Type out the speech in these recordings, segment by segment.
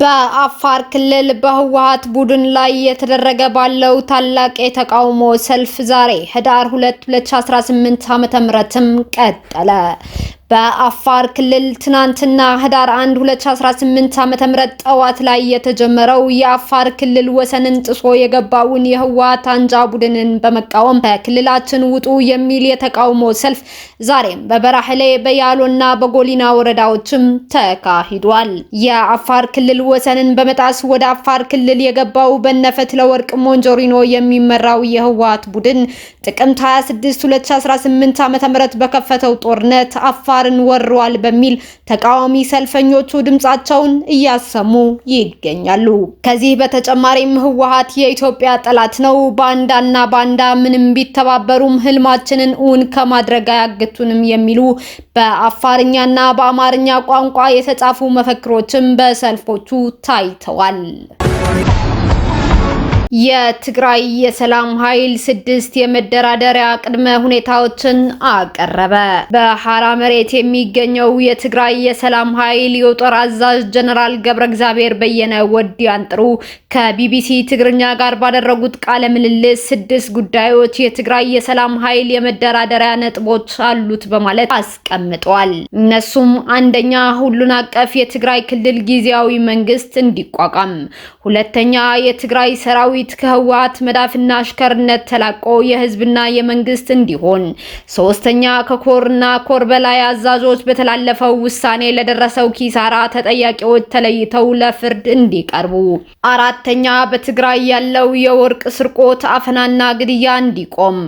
በአፋር ክልል በህወሀት ቡድን ላይ የተደረገ ባለው ታላቅ የተቃውሞ ሰልፍ ዛሬ ህዳር 2 2018 ዓ.ም ቀጠለ። በአፋር ክልል ትናንትና ህዳር 1 2018 ዓ.ም ጠዋት ላይ የተጀመረው የአፋር ክልል ወሰንን ጥሶ የገባውን የህወሓት አንጃ ቡድንን በመቃወም በክልላችን ውጡ የሚል የተቃውሞ ሰልፍ ዛሬም በበራህሌ በያሎና በጎሊና ወረዳዎችም ተካሂዷል። የአፋር ክልል ወሰንን በመጣስ ወደ አፋር ክልል የገባው በነፈት ለወርቅ ሞንጆሪኖ የሚመራው የህወሓት ቡድን ጥቅምት 26 2018 ዓ.ም በከፈተው ጦርነት አፋር አፋርን ወሯል በሚል ተቃዋሚ ሰልፈኞቹ ድምጻቸውን እያሰሙ ይገኛሉ። ከዚህ በተጨማሪም ህወሓት የኢትዮጵያ ጠላት ነው፣ ባንዳና ባንዳ ምንም ቢተባበሩም ህልማችንን እውን ከማድረግ አያግቱንም የሚሉ በአፋርኛና በአማርኛ ቋንቋ የተጻፉ መፈክሮችም በሰልፎቹ ታይተዋል። የትግራይ የሰላም ኃይል ስድስት የመደራደሪያ ቅድመ ሁኔታዎችን አቀረበ። በሐራ መሬት የሚገኘው የትግራይ የሰላም ኃይል የጦር አዛዥ ጀነራል ገብረ እግዚአብሔር በየነ ወዲ አንጥሩ። ከቢቢሲ ትግርኛ ጋር ባደረጉት ቃለ ምልልስ ስድስት ጉዳዮች የትግራይ የሰላም ኃይል የመደራደሪያ ነጥቦች አሉት በማለት አስቀምጧል። እነሱም አንደኛ፣ ሁሉን አቀፍ የትግራይ ክልል ጊዜያዊ መንግስት እንዲቋቋም፣ ሁለተኛ፣ የትግራይ ሰራዊ ሰራዊት ከህወሓት መዳፍና አሽከርነት ተላቆ የህዝብና የመንግስት እንዲሆን፣ ሶስተኛ ከኮርና ኮር በላይ አዛዦች በተላለፈው ውሳኔ ለደረሰው ኪሳራ ተጠያቂዎች ተለይተው ለፍርድ እንዲቀርቡ፣ አራተኛ በትግራይ ያለው የወርቅ ስርቆት አፈናና ግድያ እንዲቆም፣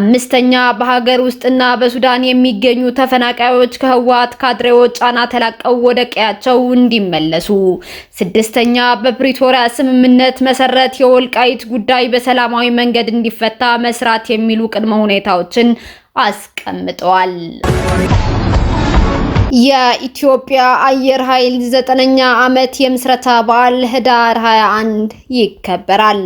አምስተኛ በሀገር ውስጥና በሱዳን የሚገኙ ተፈናቃዮች ከህወሓት ካድሬዎች ጫና ተላቀው ወደ ቀያቸው እንዲመለሱ፣ ስድስተኛ በፕሪቶሪያ ስምምነት መሰረት የወልቃ የወልቃይት ጉዳይ በሰላማዊ መንገድ እንዲፈታ መስራት የሚሉ ቅድመ ሁኔታዎችን አስቀምጠዋል። የኢትዮጵያ አየር ኃይል ዘጠነኛ ዓመት የምስረታ በዓል ህዳር 21 ይከበራል።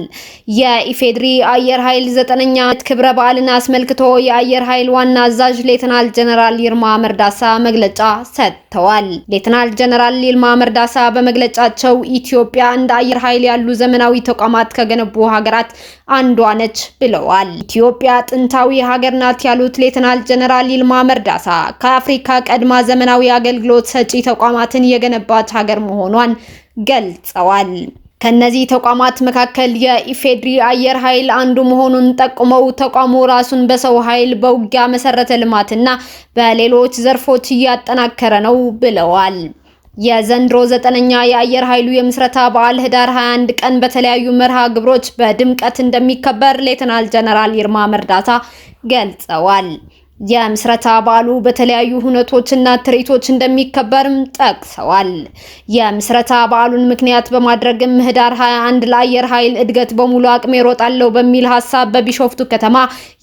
የኢፌድሪ አየር ኃይል ዘጠነኛ ዓመት ክብረ በዓልን አስመልክቶ የአየር ኃይል ዋና አዛዥ ሌተናል ጀነራል ይልማ መርዳሳ መግለጫ ሰጥተዋል። ሌትናል ጀነራል ይልማ መርዳሳ በመግለጫቸው ኢትዮጵያ እንደ አየር ኃይል ያሉ ዘመናዊ ተቋማት ከገነቡ ሀገራት አንዷ ነች ብለዋል። ኢትዮጵያ ጥንታዊ ሀገር ናት ያሉት ሌተናል ጀነራል ይልማ መርዳሳ ከአፍሪካ ቀድማ ዘመናዊ አገልግሎት ሰጪ ተቋማትን የገነባች ሀገር መሆኗን ገልጸዋል። ከነዚህ ተቋማት መካከል የኢፌድሪ አየር ኃይል አንዱ መሆኑን ጠቁመው ተቋሙ ራሱን በሰው ኃይል በውጊያ መሰረተ ልማትና በሌሎች ዘርፎች እያጠናከረ ነው ብለዋል። የዘንድሮ ዘጠነኛ የአየር ኃይሉ የምስረታ በዓል ህዳር 21 ቀን በተለያዩ መርሃ ግብሮች በድምቀት እንደሚከበር ሌተናል ጀነራል ይርማ መርዳታ ገልጸዋል። የምስረታ በዓሉ በተለያዩ ሁነቶችና ትርኢቶች እንደሚከበርም ጠቅሰዋል። የምስረታ በዓሉን ምክንያት በማድረግም ህዳር 21 ለአየር ኃይል እድገት በሙሉ አቅሜ እሮጣለሁ በሚል ሀሳብ በቢሾፍቱ ከተማ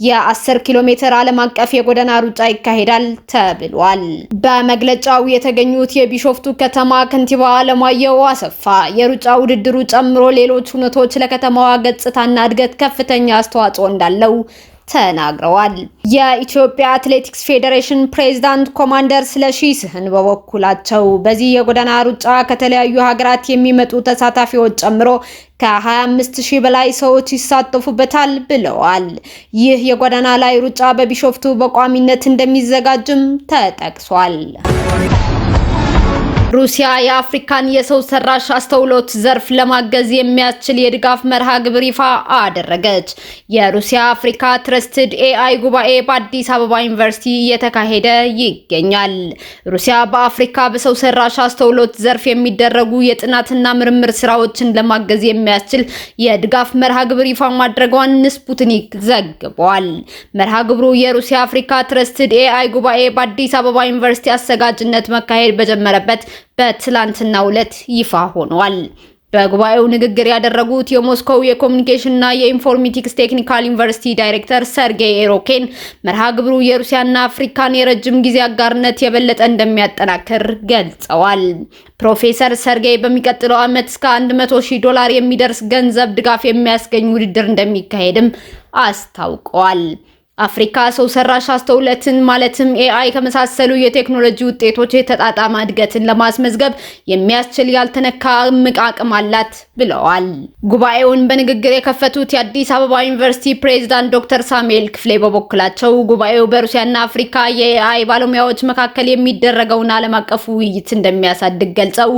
የ10 ኪሎ ሜትር ዓለም አቀፍ የጎዳና ሩጫ ይካሄዳል ተብሏል። በመግለጫው የተገኙት የቢሾፍቱ ከተማ ከንቲባ አለማየሁ አሰፋ የሩጫ ውድድሩ ጨምሮ ሌሎች ሁነቶች ለከተማዋ ገጽታና እድገት ከፍተኛ አስተዋጽኦ እንዳለው ተናግረዋል። የኢትዮጵያ አትሌቲክስ ፌዴሬሽን ፕሬዝዳንት ኮማንደር ስለሺ ስህን በበኩላቸው በዚህ የጎዳና ሩጫ ከተለያዩ ሀገራት የሚመጡ ተሳታፊዎች ጨምሮ ከ25 ሺህ በላይ ሰዎች ይሳተፉበታል ብለዋል። ይህ የጎዳና ላይ ሩጫ በቢሾፍቱ በቋሚነት እንደሚዘጋጅም ተጠቅሷል። ሩሲያ የአፍሪካን የሰው ሰራሽ አስተውሎት ዘርፍ ለማገዝ የሚያስችል የድጋፍ መርሃ ግብር ይፋ አደረገች። የሩሲያ አፍሪካ ትረስትድ ኤአይ ጉባኤ በአዲስ አበባ ዩኒቨርሲቲ እየተካሄደ ይገኛል። ሩሲያ በአፍሪካ በሰው ሰራሽ አስተውሎት ዘርፍ የሚደረጉ የጥናትና ምርምር ስራዎችን ለማገዝ የሚያስችል የድጋፍ መርሃ ግብር ይፋ ማድረጓን ስፑትኒክ ዘግቧል። መርሃ ግብሩ የሩሲያ አፍሪካ ትረስትድ ኤአይ ጉባኤ በአዲስ አበባ ዩኒቨርሲቲ አዘጋጅነት መካሄድ በጀመረበት በትላንትናው ዕለት ይፋ ሆኗል። በጉባኤው ንግግር ያደረጉት የሞስኮው የኮሚኒኬሽንና የኢንፎርሜቲክስ ቴክኒካል ዩኒቨርሲቲ ዳይሬክተር ሰርጌይ ኤሮኬን መርሃ ግብሩ የሩሲያና አፍሪካን የረጅም ጊዜ አጋርነት የበለጠ እንደሚያጠናክር ገልጸዋል። ፕሮፌሰር ሰርጌይ በሚቀጥለው ዓመት እስከ 100 ሺህ ዶላር የሚደርስ ገንዘብ ድጋፍ የሚያስገኝ ውድድር እንደሚካሄድም አስታውቀዋል። አፍሪካ ሰው ሰራሽ አስተውለትን ማለትም ኤአይ ከመሳሰሉ የቴክኖሎጂ ውጤቶች የተጣጣመ እድገትን ለማስመዝገብ የሚያስችል ያልተነካ እምቅ አቅም አላት ብለዋል። ጉባኤውን በንግግር የከፈቱት የአዲስ አበባ ዩኒቨርሲቲ ፕሬዝዳንት ዶክተር ሳሙኤል ክፍሌ በበኩላቸው ጉባኤው በሩሲያና አፍሪካ የኤአይ ባለሙያዎች መካከል የሚደረገውን ዓለም አቀፉ ውይይት እንደሚያሳድግ ገልጸው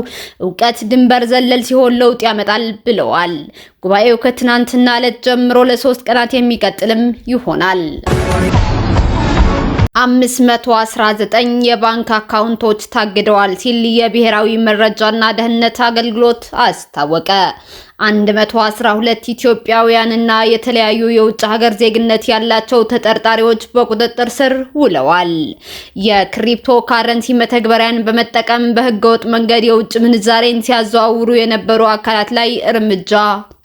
እውቀት ድንበር ዘለል ሲሆን ለውጥ ያመጣል ብለዋል። ጉባኤው ከትናንትና ዕለት ጀምሮ ለሶስት ቀናት የሚቀጥልም ይሆናል። 519 የባንክ አካውንቶች ታግደዋል ሲል የብሔራዊ መረጃና ደህንነት አገልግሎት አስታወቀ። 112 ኢትዮጵያውያንና የተለያዩ የውጭ ሀገር ዜግነት ያላቸው ተጠርጣሪዎች በቁጥጥር ስር ውለዋል። የክሪፕቶ ካረንሲ መተግበሪያን በመጠቀም በህገወጥ መንገድ የውጭ ምንዛሬን ሲያዘዋውሩ የነበሩ አካላት ላይ እርምጃ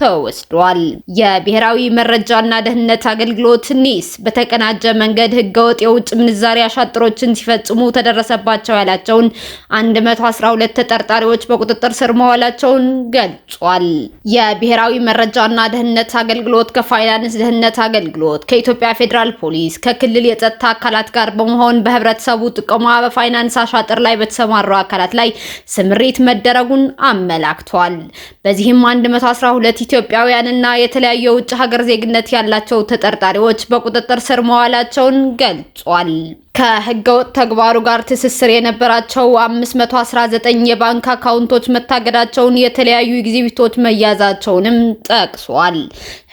ተወስዷል። የብሔራዊ መረጃና ደህንነት አገልግሎት ኒስ በተቀናጀ መንገድ ህገወጥ የውጭ ምንዛሬ አሻጥሮችን ሲፈጽሙ ተደረሰባቸው ያላቸውን 112 ተጠርጣሪዎች በቁጥጥር ስር መዋላቸውን ገልጿል። የብሔራዊ መረጃና ደህንነት አገልግሎት ከፋይናንስ ደህንነት አገልግሎት ከኢትዮጵያ ፌዴራል ፖሊስ ከክልል የጸጥታ አካላት ጋር በመሆን በህብረተሰቡ ጥቆማ በፋይናንስ አሻጥር ላይ በተሰማሩ አካላት ላይ ስምሪት መደረጉን አመላክቷል። በዚህም 112 ኢትዮጵያውያንና የተለያዩ የውጭ ሀገር ዜግነት ያላቸው ተጠርጣሪዎች በቁጥጥር ስር መዋላቸውን ገልጿል። ከህገወጥ ተግባሩ ጋር ትስስር የነበራቸው 519 የባንክ አካውንቶች መታገዳቸውን የተለያዩ ኤግዚቢቶች መያዝ መያዛቸውንም ጠቅሷል።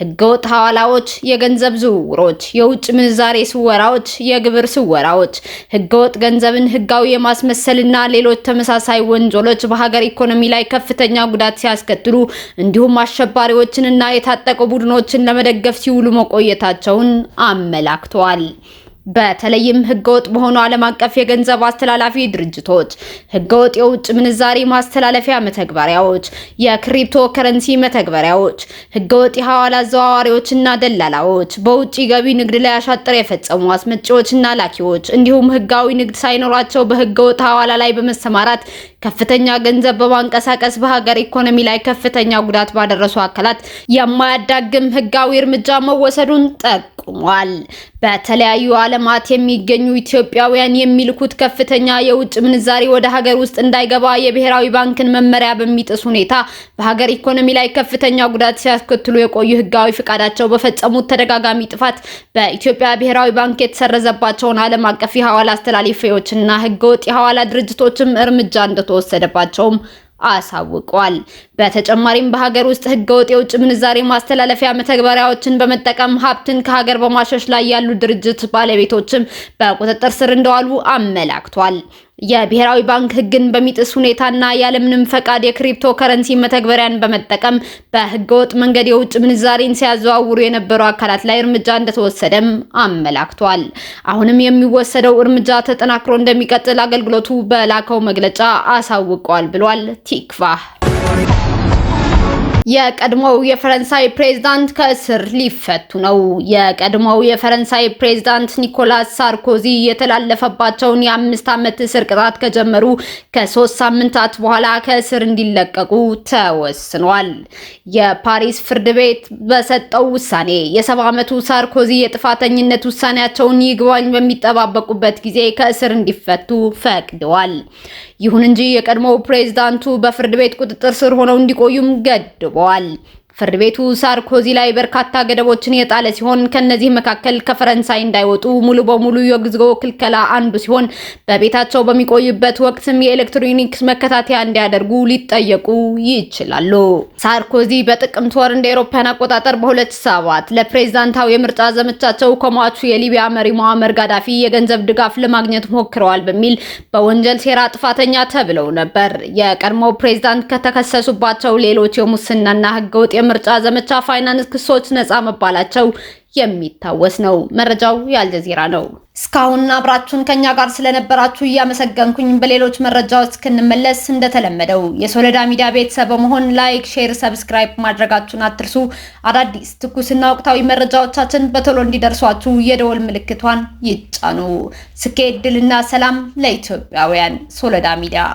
ህገወጥ ሐዋላዎች፣ የገንዘብ ዝውውሮች፣ የውጭ ምንዛሬ ስወራዎች፣ የግብር ስወራዎች፣ ህገወጥ ገንዘብን ህጋዊ የማስመሰልና ሌሎች ተመሳሳይ ወንጀሎች በሀገር ኢኮኖሚ ላይ ከፍተኛ ጉዳት ሲያስከትሉ እንዲሁም አሸባሪዎችንና የታጠቁ ቡድኖችን ለመደገፍ ሲውሉ መቆየታቸውን አመላክተዋል። በተለይም ህገወጥ በሆኑ ዓለም አቀፍ የገንዘብ አስተላላፊ ድርጅቶች፣ ህገወጥ የውጭ ምንዛሬ ማስተላለፊያ መተግበሪያዎች፣ የክሪፕቶ ከረንሲ መተግበሪያዎች፣ ህገወጥ የሐዋላ አዘዋዋሪዎችና ደላላዎች፣ በውጭ ገቢ ንግድ ላይ አሻጥር የፈጸሙ አስመጪዎችና ላኪዎች እንዲሁም ህጋዊ ንግድ ሳይኖራቸው በህገወጥ ሐዋላ ላይ በመሰማራት ከፍተኛ ገንዘብ በማንቀሳቀስ በሀገር ኢኮኖሚ ላይ ከፍተኛ ጉዳት ባደረሱ አካላት የማያዳግም ህጋዊ እርምጃ መወሰዱን ጠቁሟል። በተለያዩ ዓለማት የሚገኙ ኢትዮጵያውያን የሚልኩት ከፍተኛ የውጭ ምንዛሪ ወደ ሀገር ውስጥ እንዳይገባ የብሔራዊ ባንክን መመሪያ በሚጥስ ሁኔታ በሀገር ኢኮኖሚ ላይ ከፍተኛ ጉዳት ሲያስከትሉ የቆዩ ህጋዊ ፍቃዳቸው በፈጸሙት ተደጋጋሚ ጥፋት በኢትዮጵያ ብሔራዊ ባንክ የተሰረዘባቸውን ዓለም አቀፍ የሐዋላ አስተላላፊዎችና ህገወጥ የሐዋላ ድርጅቶችም እርምጃ እንደተወሰደባቸውም አሳውቋል። በተጨማሪም በሀገር ውስጥ ህገወጥ የውጭ ምንዛሬ ማስተላለፊያ መተግበሪያዎችን በመጠቀም ሀብትን ከሀገር በማሸሽ ላይ ያሉ ድርጅት ባለቤቶችም በቁጥጥር ስር እንደዋሉ አመላክቷል። የብሔራዊ ባንክ ህግን በሚጥስ ሁኔታና ያለምንም ፈቃድ የክሪፕቶ ከረንሲ መተግበሪያን በመጠቀም በህገወጥ መንገድ የውጭ ምንዛሬን ሲያዘዋውሩ የነበሩ አካላት ላይ እርምጃ እንደተወሰደም አመላክቷል። አሁንም የሚወሰደው እርምጃ ተጠናክሮ እንደሚቀጥል አገልግሎቱ በላከው መግለጫ አሳውቋል ብሏል። ቲክቫህ የቀድሞው የፈረንሳይ ፕሬዝዳንት ከእስር ሊፈቱ ነው። የቀድሞው የፈረንሳይ ፕሬዝዳንት ኒኮላስ ሳርኮዚ የተላለፈባቸውን የአምስት ዓመት እስር ቅጣት ከጀመሩ ከሶስት ሳምንታት በኋላ ከእስር እንዲለቀቁ ተወስኗል። የፓሪስ ፍርድ ቤት በሰጠው ውሳኔ የሰባ ዓመቱ ሳርኮዚ የጥፋተኝነት ውሳኔያቸውን ይግባኝ በሚጠባበቁበት ጊዜ ከእስር እንዲፈቱ ፈቅደዋል። ይሁን እንጂ የቀድሞው ፕሬዝዳንቱ በፍርድ ቤት ቁጥጥር ስር ሆነው እንዲቆዩም ገድ ተመዝግበዋል። ፍርድ ቤቱ ሳርኮዚ ላይ በርካታ ገደቦችን የጣለ ሲሆን ከነዚህ መካከል ከፈረንሳይ እንዳይወጡ ሙሉ በሙሉ የጉዞ ክልከላ አንዱ ሲሆን በቤታቸው በሚቆዩበት ወቅትም የኤሌክትሮኒክስ መከታተያ እንዲያደርጉ ሊጠየቁ ይችላሉ። ሳርኮዚ በጥቅምት ወር እንደ ኤሮፓያን አቆጣጠር በ2007 ለፕሬዝዳንታዊ የምርጫ ዘመቻቸው ከሟቹ የሊቢያ መሪ ሙአመር ጋዳፊ የገንዘብ ድጋፍ ለማግኘት ሞክረዋል በሚል በወንጀል ሴራ ጥፋተኛ ተብለው ነበር። የቀድሞ ፕሬዝዳንት ከተከሰሱባቸው ሌሎች የሙስናና ህገወጥ የምርጫ ዘመቻ ፋይናንስ ክሶች ነፃ መባላቸው የሚታወስ ነው። መረጃው የአልጀዚራ ነው። እስካሁን አብራችሁን ከኛ ጋር ስለነበራችሁ እያመሰገንኩኝ በሌሎች መረጃዎች እስክንመለስ እንደተለመደው የሶለዳ ሚዲያ ቤተሰብ በመሆን ላይክ፣ ሼር፣ ሰብስክራይብ ማድረጋችሁን አትርሱ። አዳዲስ ትኩስና ወቅታዊ መረጃዎቻችን በቶሎ እንዲደርሷችሁ የደወል ምልክቷን ይጫኑ። ስኬት፣ ድልና ሰላም ለኢትዮጵያውያን። ሶለዳ ሚዲያ